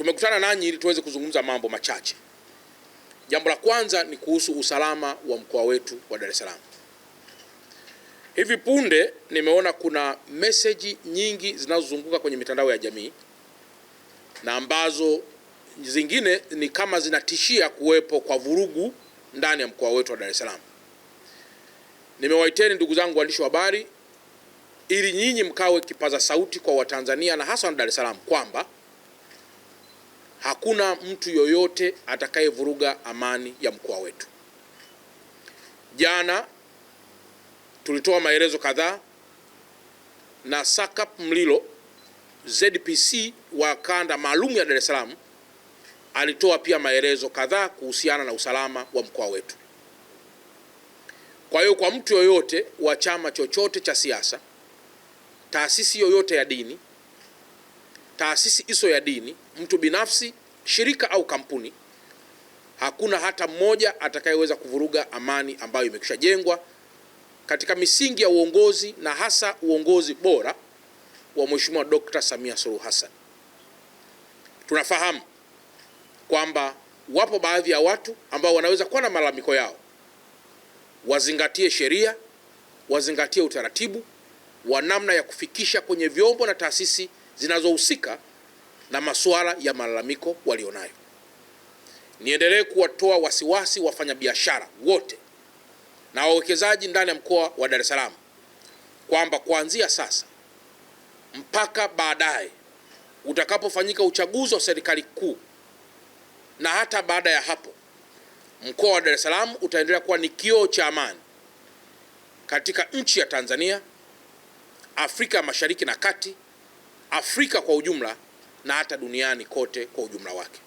Tumekutana nanyi ili tuweze kuzungumza mambo machache. Jambo la kwanza ni kuhusu usalama wa mkoa wetu wa Dar es Salaam. Hivi punde nimeona kuna meseji nyingi zinazozunguka kwenye mitandao ya jamii na ambazo zingine ni kama zinatishia kuwepo kwa vurugu ndani ya mkoa wetu wa Dar es Salaam. Nimewaiteni ndugu zangu waandishi wa habari ili nyinyi mkawe kipaza sauti kwa Watanzania na hasa wa Dar es Salaam kwamba hakuna mtu yoyote atakayevuruga amani ya mkoa wetu. Jana tulitoa maelezo kadhaa na SACP Mlilo ZPC wa kanda maalum ya Dar es Salaam alitoa pia maelezo kadhaa kuhusiana na usalama wa mkoa wetu. Kwa hiyo kwa mtu yoyote wa chama chochote cha siasa, taasisi yoyote ya dini taasisi iso ya dini, mtu binafsi, shirika au kampuni, hakuna hata mmoja atakayeweza kuvuruga amani ambayo imekwisha jengwa katika misingi ya uongozi na hasa uongozi bora wa Mheshimiwa Dkt. Samia Suluhu Hassan. Tunafahamu kwamba wapo baadhi ya watu ambao wanaweza kuwa na malalamiko yao, wazingatie sheria, wazingatie utaratibu wa namna ya kufikisha kwenye vyombo na taasisi zinazohusika na masuala ya malalamiko walionayo. Niendelee kuwatoa wasiwasi wafanyabiashara wote na wawekezaji ndani ya mkoa wa Dar es Salaam kwamba kuanzia sasa mpaka baadaye utakapofanyika uchaguzi wa serikali kuu na hata baada ya hapo, mkoa wa Dar es Salaam utaendelea kuwa ni kioo cha amani katika nchi ya Tanzania, Afrika ya Mashariki na Kati Afrika kwa ujumla na hata duniani kote kwa ujumla wake.